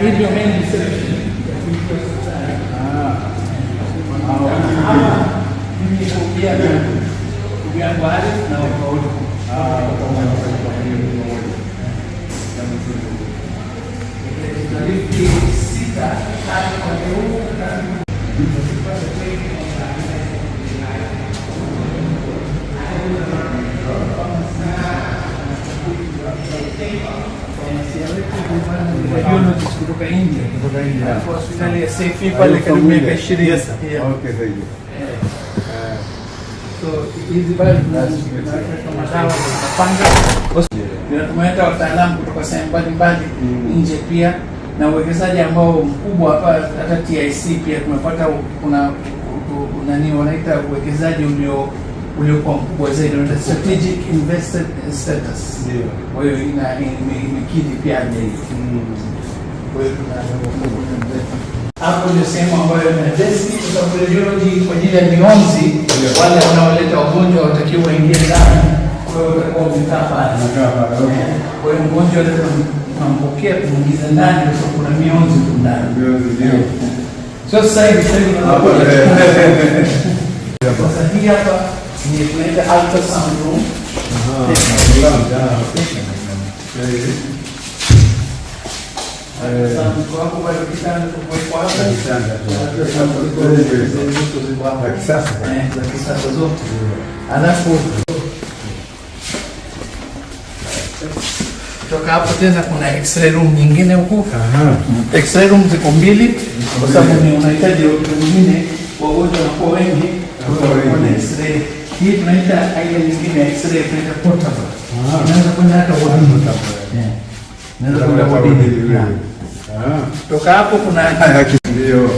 hivyo mengi Unfortunately, a wataalamu kutoka sehemu mbalimbali nje pia na uwekezaji ambao mkubwa hapa, hata TIC pia tumepata kuna nani wanaita uwekezaji ulio uliokuwa mkubwa zaidi, unaita strategic invested status. Kwa hiyo imekidhi pia ajali kwetu na hapo ndio sehemu ambayo inadesi kwa sababu kwa ajili ya mionzi, wale wanaoleta wagonjwa watakiwa waingie ndani. Kwa hiyo utakuwa umekaa pale, kwa hiyo mgonjwa unampokea kumwingiza ndani, kwa kuna mionzi ndani. ndio. So sasa hivi sasa hii hapa ni tunaita ultrasound room za kisasa zote, alafu kutoka hapo tena kuna x-ray room nyingine huko. X-ray room ziko mbili, kwa sababu ni unahitaji wengine wagonjwa wanakuwa wengi, x-ray hii tunaita aina nyingine ya x-ray, tunaita portable, inaweza kwenda hata wodi, inaweza kwenda wodi Toka hapo kuna ndio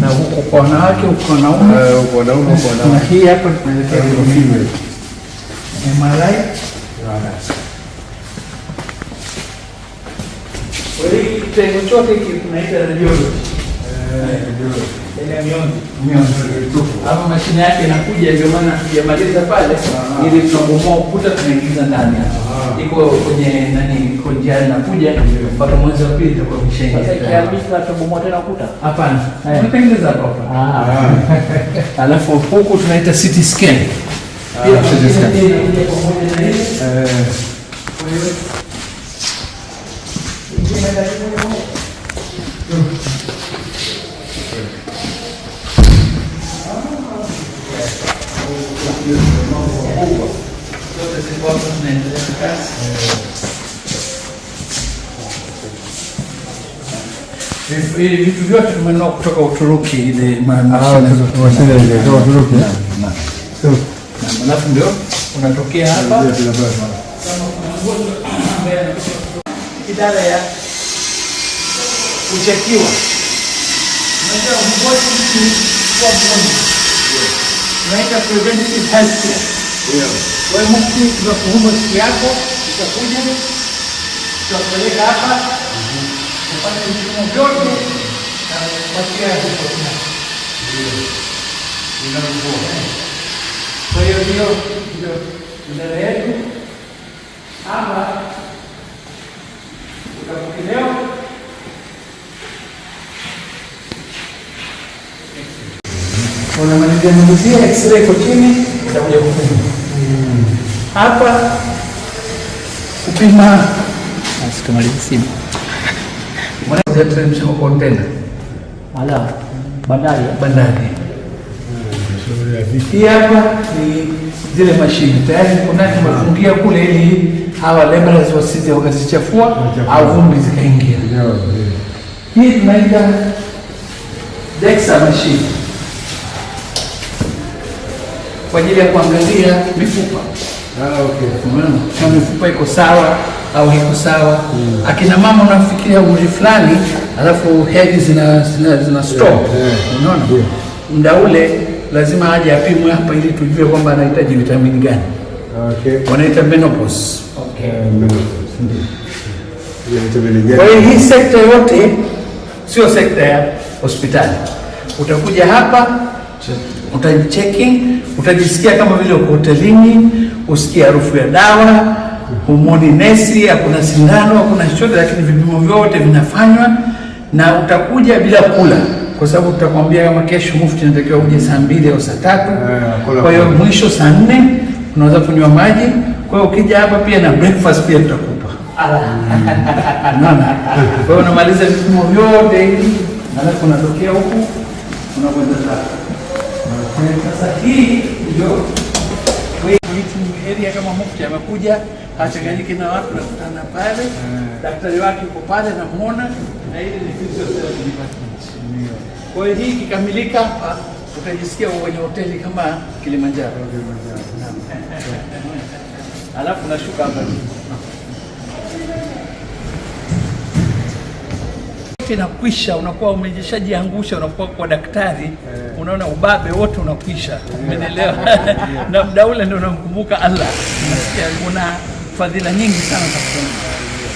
na huko kwa wanawake, huko eh, wanaume, huko wanaume, huko wanawake. Hii hapa tunaelekea female MRI. Kwa hiyo kitengo chote hiki radiology, hapo eh, mashine yake inakuja, ndio maana tujamaliza pale, ah, ah. ili tunabomoa ukuta, tunaingiza ndani hapa iko kwenye nani kujana na kuja mpaka mwezi wa pili itakuwa tumeshaingia. Sasa kiambi tunatobomoa tena kuta? Hapana. Eh. Tunatengeneza hapo hapo. Ah. Alafu huku tunaita city scan. Pia ah, tunaweza eh Thank you ilikuwa tunaendelea na kazi ili vitu vyote tumenunua kutoka Uturuki, ile mashine ile kutoka Uturuki, na alafu ndio unatokea hapa idara ya kuchekiwa. Unajua mgonjwa mtu kwa mgonjwa, unaita preventive health care, ndio kwa mufti, tunakuhuma siku yako, tutakuja tutapeleka hapa kufanya vipimo vyote na kupatia ripoti yako. Kwa hiyo hiyo ndio idara yetu, ama utakupeleo unamalizia x-ray kwa chini utakuja kupima hapa kupima tumalize simu bandari bandari. Hii hapa ni zile mashine tayari kunani mafungia kule, ili hawa laborers wasije wakazichafua au vumbi zikaingia. Hii tunaita DEXA machine kwa ajili ya kuangalia mifupa Ah, Kama mifupa iko sawa au iko sawa. Mm. Akina mama unafikiria umri fulani alafu hedhi zina zina, zina stop. Yeah, yeah. Unaona? Yeah. Muda ule lazima aje apimwe hapa ili tujue kwamba anahitaji vitamini gani. Okay. Wanaita menopause. Okay. Kwa hiyo hii sekta yote sio sekta ya hospitali. Utakuja hapa utajicheki, utajisikia kama vile uko hotelini usikia harufu ya dawa, humoni nesi, hakuna sindano, hakuna chochote, lakini vipimo vyote vinafanywa na utakuja bila kula kwa sababu tutakwambia kama kesho mufti natakiwa uje saa mbili au saa tatu. Eh, kwa hiyo mwisho saa nne unaweza kunywa maji. Kwa hiyo ukija hapa pia na breakfast pia tutakupa. Kwa hiyo unamaliza vipimo vyote hivi, alafu unatokea huku unakwenda Sasa hii ndio sheria kama mufti amekuja achanganyike na watu, nakutana pale, daktari wake uko pale, namwona na ili ni physiotherapy department. Kwa hiyo hii ikikamilika hapa utajisikia kwenye hoteli kama Kilimanjaro, alafu nashuka hapa inakwisha, unakuwa umejishajiangusha, unakuwa kwa daktari yeah. Unaona ubabe wote unakwisha, eh. umeelewa? yeah. na muda ule ndio unamkumbuka Allah, unasikia yeah. Kuna fadhila nyingi sana za kufunga.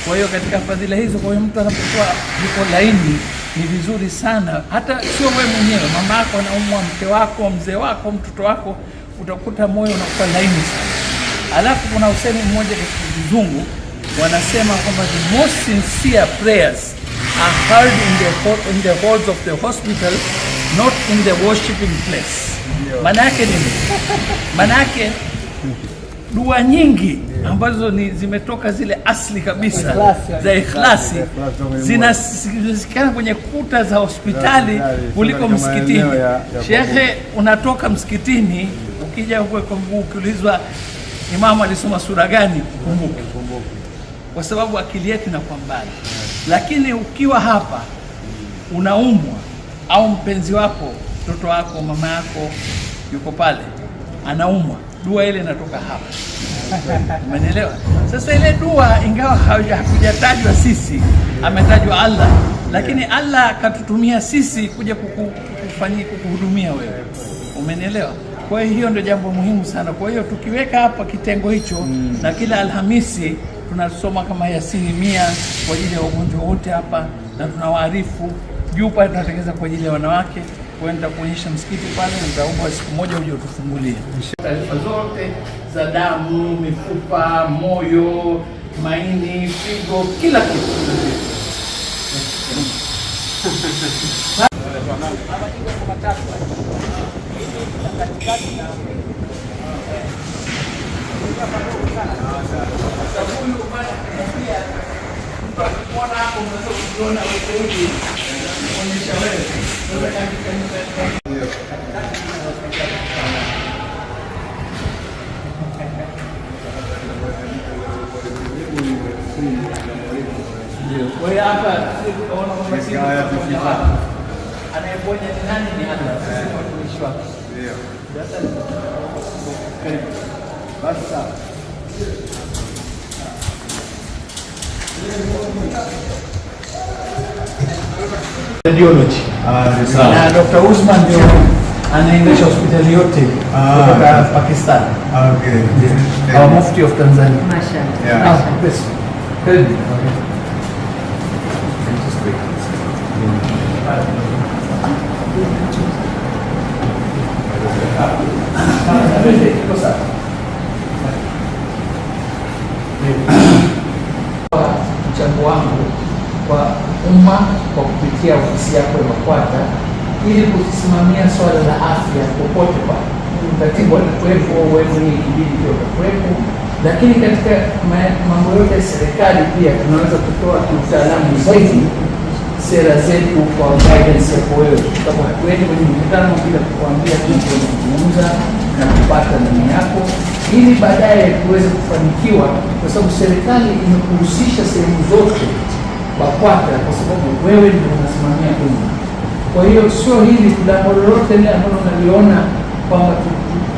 Kwa hiyo katika fadhila hizo, kwa hiyo mtu anapokuwa yuko laini ni vizuri sana, hata sio wewe mwenyewe, mama yako anaumwa, mke wako, mzee wako, mtoto wako, utakuta moyo unakuwa laini sana. Alafu kuna usemi mmoja katika kizungu wanasema kwamba the most sincere prayers are held in the, in the halls of the hospital, not in the worshiping place. Manake nini? Manake dua nyingi ambazo ni zimetoka zile asli kabisa za ikhlasi zinasikana kwenye kuta za hospitali kuliko msikitini. Shekhe, unatoka msikitini ukija huko kwa mguu, ukiulizwa imamu alisoma sura gani, ukumbuke, kwa sababu akili yetu inakuwa mbali. Lakini ukiwa hapa unaumwa au mpenzi wako, mtoto wako, mama yako yuko pale anaumwa, dua ile inatoka hapa. Umenielewa? Sasa ile dua ingawa hakujatajwa sisi, ametajwa Allah, lakini Allah akatutumia sisi kuja kukufanyia, kukuhudumia wewe. Umenielewa? Kwa hiyo hiyo ndio jambo muhimu sana. Kwa hiyo tukiweka hapa kitengo hicho mm, na kila Alhamisi tunasoma kama Yasini mia kwa ajili ya wagonjwa wote hapa, na tunawaarifu juu pale tunatengeneza kwa ajili ya wanawake. Kwa hiyo nitakuonyesha msikiti pale, nitaomba siku moja uje utufungulie taarifa zote za damu, mifupa, moyo, maini, figo, kila kitu. kuona uteuzi kuonyesha wewe unaweka katika Kwa hiyo hapa tunaona kwamba sisi anayeponya ni nani? Ni Allah, sisi watumishi wake. Ndio. Sasa karibu. Basi sawa. Thank you. Radiology. Ah, Na Dr. Usman ndio anaendesha hospitali yote kutoka ah, Pakistan. Okay. Our Mufti of Tanzania. Mashallah. Ah, Mchango wangu kwa umma kwa kupitia ofisi yako ya BAKWATA ili kusimamia swala la afya popote pa Mratibu atakuwepo, wewe ikibidi pia utakuwepo, lakini katika mambo yote ya serikali pia tunaweza kutoa kiutaalamu zaidi sera zetu kwa guidance yako wewe, kwa hatuendi kwenye mkutano bila kukuambia tunazungumza na kupata nani yako, ili baadaye tuweze kufanikiwa, kwa sababu serikali imekuhusisha sehemu zote kwake, kwa sababu wewe ndio unasimamia dini. Kwa hiyo sio hili jambo lolote ile ambalo unaliona kwamba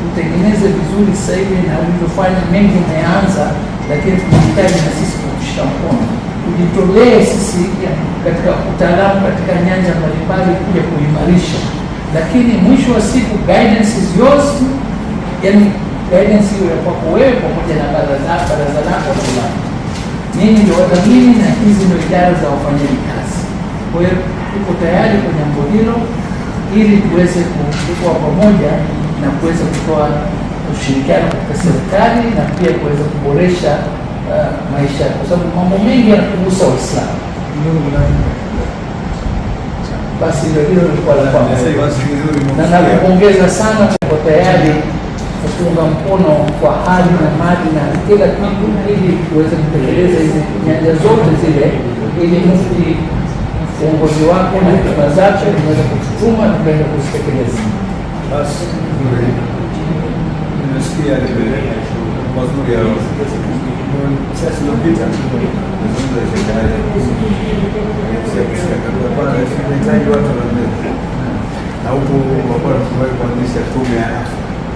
tutengeneze vizuri sasa hivi na ulivyofanya mengi umeanza, lakini tunahitaji na sisi kukushika mkono, tujitolee sisi katika utaalamu, katika nyanja mbalimbali kuja kuimarisha, lakini mwisho wa siku guidance is yours, yani guidance hiyo ya kwako wewe pamoja na baraza lako la nini ndio wadhamini na hizi ndio idara za wafanyaji kazi. Kwa hiyo tuko tayari kwa jambo hilo ili tuweze kuwa pamoja na kuweza kutoa ushirikiano katika serikali na pia kuweza kuboresha uh, maisha kwa sababu mambo mengi yanakugusa Waislamu. Basi ndio hilo lilikuwa la kwanza, na nakupongeza sana kwa tayari kutunga mkono kwa hali na mali na kila kitu, ili tuweze kutekeleza hizi nyanja zote zile, ili Mufti uongozi wako na hekima zake tunaweza kututuma tukaenda kuzitekeleza. Basi nimesikia mazuri serikali na huku wakuwa natumai kuanzisha tume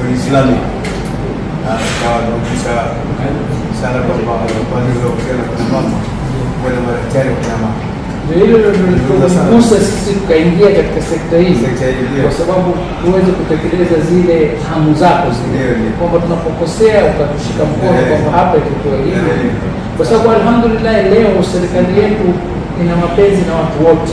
Waislamu akawakumbusha sana kwamba madaktari wa kina sisi tukaingia katika sekta hii, kwa sababu tuweze kutekeleza zile hamu zako zile, kwamba tunapokosea ukatushika mkono kwamba hapa ilikuwa hivi, kwa sababu alhamdulillah leo serikali yetu ina mapenzi na watu wote.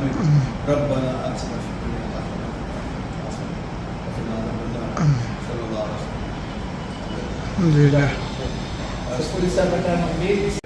العالمين ربنا اتنا في الدنيا حسنه وقنا عذاب النار صلى الله عليه وسلم الحمد لله